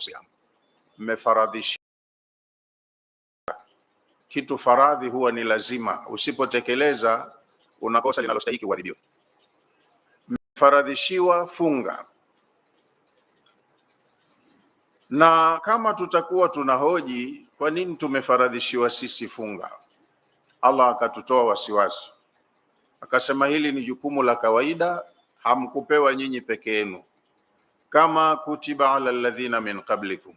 Muislamu. Mmefaradhisha kitu. Faradhi huwa ni lazima, usipotekeleza unakosa linalostahili kuadhibiwa. Mmefaradhishiwa funga, na kama tutakuwa tunahoji kwa nini tumefaradhishiwa sisi funga, Allah akatutoa wasiwasi, akasema hili ni jukumu la kawaida, hamkupewa nyinyi peke yenu kama kutiba ala alladhina min qablikum,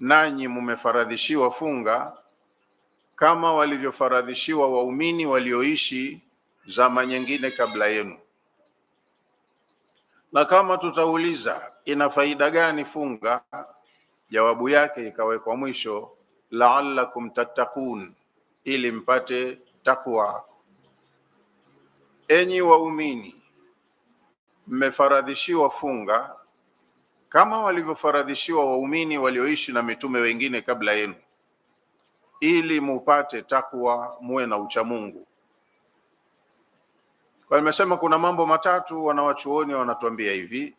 nanyi mumefaradhishiwa funga kama walivyofaradhishiwa waumini walioishi zama nyingine kabla yenu. Na kama tutauliza ina faida gani funga, jawabu yake ikawekwa mwisho, la'allakum tattaqun, ili mpate takwa. Enyi waumini mmefaradhishiwa funga kama walivyofaradhishiwa waumini walioishi na mitume wengine kabla yenu, ili mupate takwa, muwe na uchamungu. Kwa nimesema kuna mambo matatu wanawachuoni wanatuambia hivi.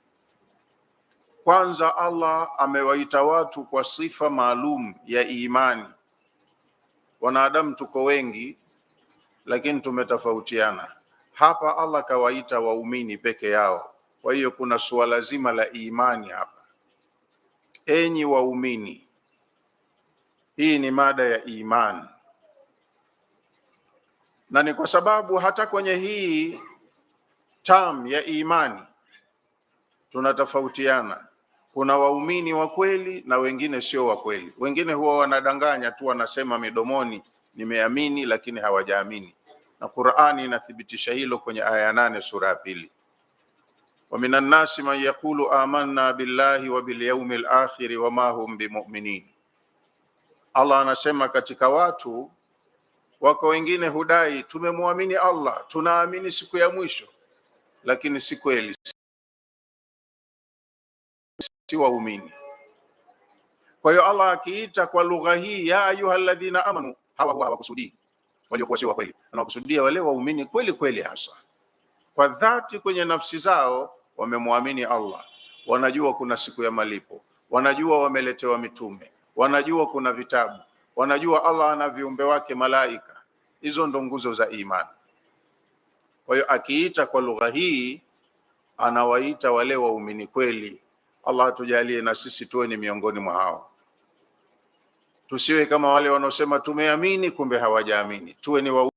Kwanza, Allah amewaita watu kwa sifa maalum ya imani. Wanadamu tuko wengi, lakini tumetofautiana hapa Allah kawaita waumini peke yao. Kwa hiyo kuna suala zima la imani hapa. Enyi waumini, hii ni mada ya imani, na ni kwa sababu hata kwenye hii tam ya imani tunatofautiana. Kuna waumini wa kweli na wengine sio wa kweli. Wengine huwa wanadanganya tu, wanasema midomoni nimeamini, lakini hawajaamini na Qur'ani inathibitisha hilo kwenye aya ya nane sura ya pili, wa minan nasi man yaqulu amanna billahi wa bil yawmil akhir wa ma hum bimuminin. Allah anasema katika watu wako wengine hudai tumemwamini Allah, tunaamini siku ya mwisho, lakini si kweli, si waumini. Kwa hiyo Allah akiita kwa lugha hii ya ayuha alladhina amanu, hawa hawakusudii waliokuwa si wa kweli, anakusudia wale waumini kweli kweli, hasa kwa dhati kwenye nafsi zao wamemwamini Allah, wanajua kuna siku ya malipo, wanajua wameletewa mitume, wanajua kuna vitabu, wanajua Allah ana viumbe wake malaika. Hizo ndo nguzo za imani. Kwa hiyo akiita kwa lugha hii anawaita wale waumini kweli. Allah atujalie na sisi tuwe ni miongoni mwa hao. Tusiwe kama wale wanaosema tumeamini, kumbe hawajaamini. Tuwe ni wa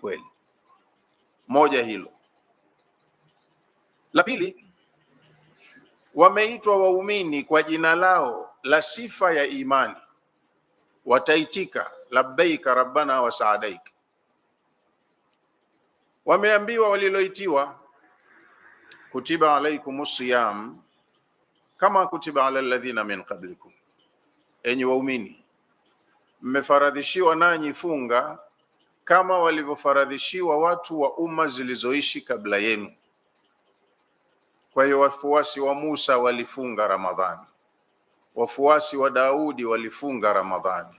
kweli. Moja hilo. La pili, wameitwa waumini kwa jina lao la sifa ya imani, wataitika labbaika rabbana wasaadaik. Wameambiwa waliloitiwa, kutiba alaikum siyam kama kutiba ala alladhina min qablikum enyi waumini, mmefaradhishiwa nanyi funga kama walivyofaradhishiwa watu wa umma zilizoishi kabla yenu. Kwa hiyo wafuasi wa Musa walifunga Ramadhani, wafuasi wa Daudi walifunga Ramadhani,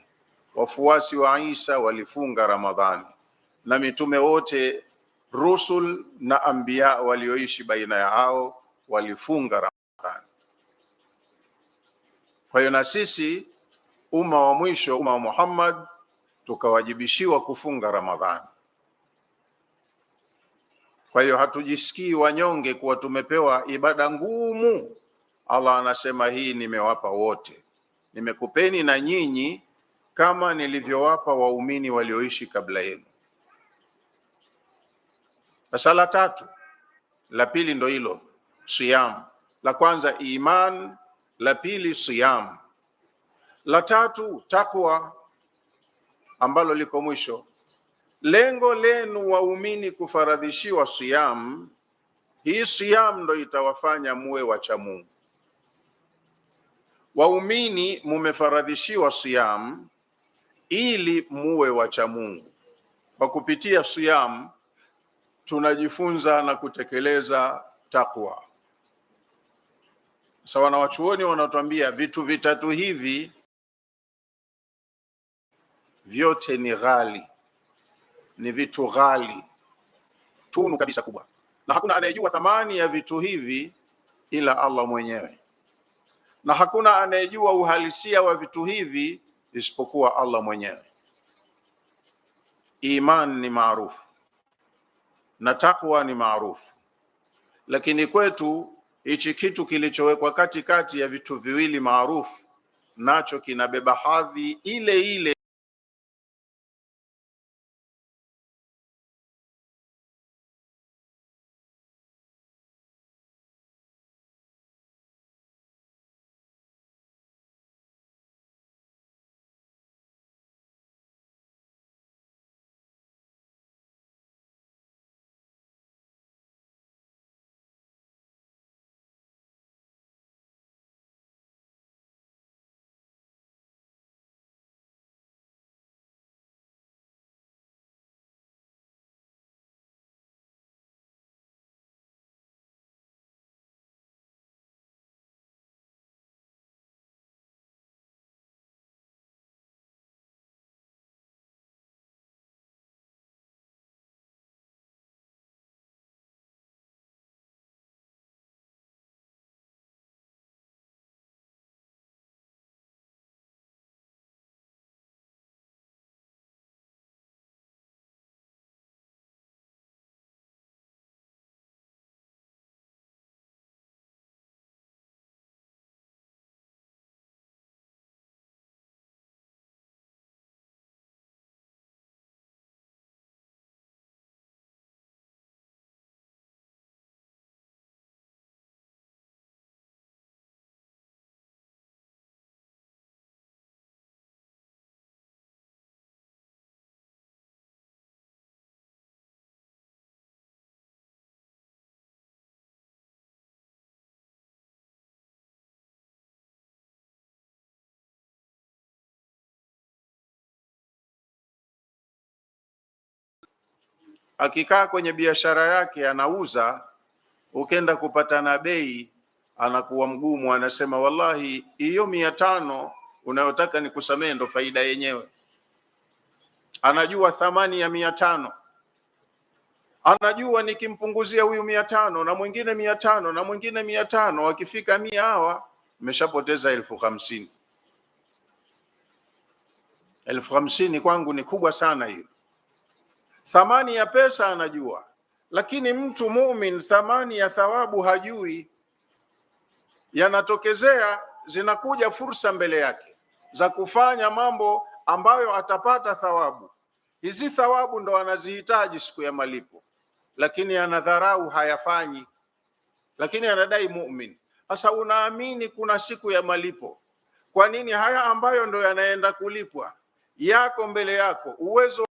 wafuasi wa Isa walifunga Ramadhani, na mitume wote rusul na ambia walioishi baina ya hao walifunga Ramadhani. Kwa hiyo na sisi umma wa mwisho, umma wa Muhammad, tukawajibishiwa kufunga Ramadhani. Kwa hiyo hatujisikii wanyonge kuwa tumepewa ibada ngumu. Allah anasema hii nimewapa wote, nimekupeni na nyinyi kama nilivyowapa waumini walioishi kabla yenu. Sasa la tatu, la pili ndo hilo siyam. La kwanza iman, la pili siyamu. La tatu, takwa ambalo liko mwisho. Lengo lenu waumini kufaradhishiwa siam. Hii siam ndo itawafanya muwe wacha Mungu. Waumini mumefaradhishiwa siyam ili muwe wacha Mungu. Kwa kupitia siam tunajifunza na kutekeleza takwa. Sawa na wachuoni wanatuambia vitu vitatu hivi vyote ni ghali, ni vitu ghali, tunu kabisa kubwa, na hakuna anayejua thamani ya vitu hivi ila Allah mwenyewe, na hakuna anayejua uhalisia wa vitu hivi isipokuwa Allah mwenyewe. Iman ni maarufu na takwa ni maarufu, lakini kwetu hichi kitu kilichowekwa katikati ya vitu viwili maarufu nacho kinabeba hadhi ile ile. akikaa kwenye biashara yake anauza, ukenda kupata na bei anakuwa mgumu, anasema wallahi, hiyo mia tano unayotaka ni kusamehe ndo faida yenyewe. Anajua thamani ya mia tano anajua nikimpunguzia huyu mia tano na mwingine mia tano na mwingine mia tano akifika mia hawa meshapoteza elfu hamsini elfu hamsini kwangu ni kubwa sana hiyo. Thamani ya pesa anajua, lakini mtu mumin thamani ya thawabu hajui. Yanatokezea, zinakuja fursa mbele yake za kufanya mambo ambayo atapata thawabu. Hizi thawabu ndo anazihitaji siku ya malipo, lakini anadharau, hayafanyi, lakini anadai mumin. Sasa unaamini kuna siku ya malipo? Kwa nini haya ambayo ndo yanaenda kulipwa yako mbele yako uwezo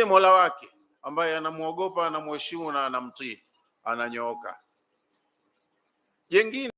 Mola wake ambaye anamwogopa, anamheshimu na anamtii, ananyooka. Jengine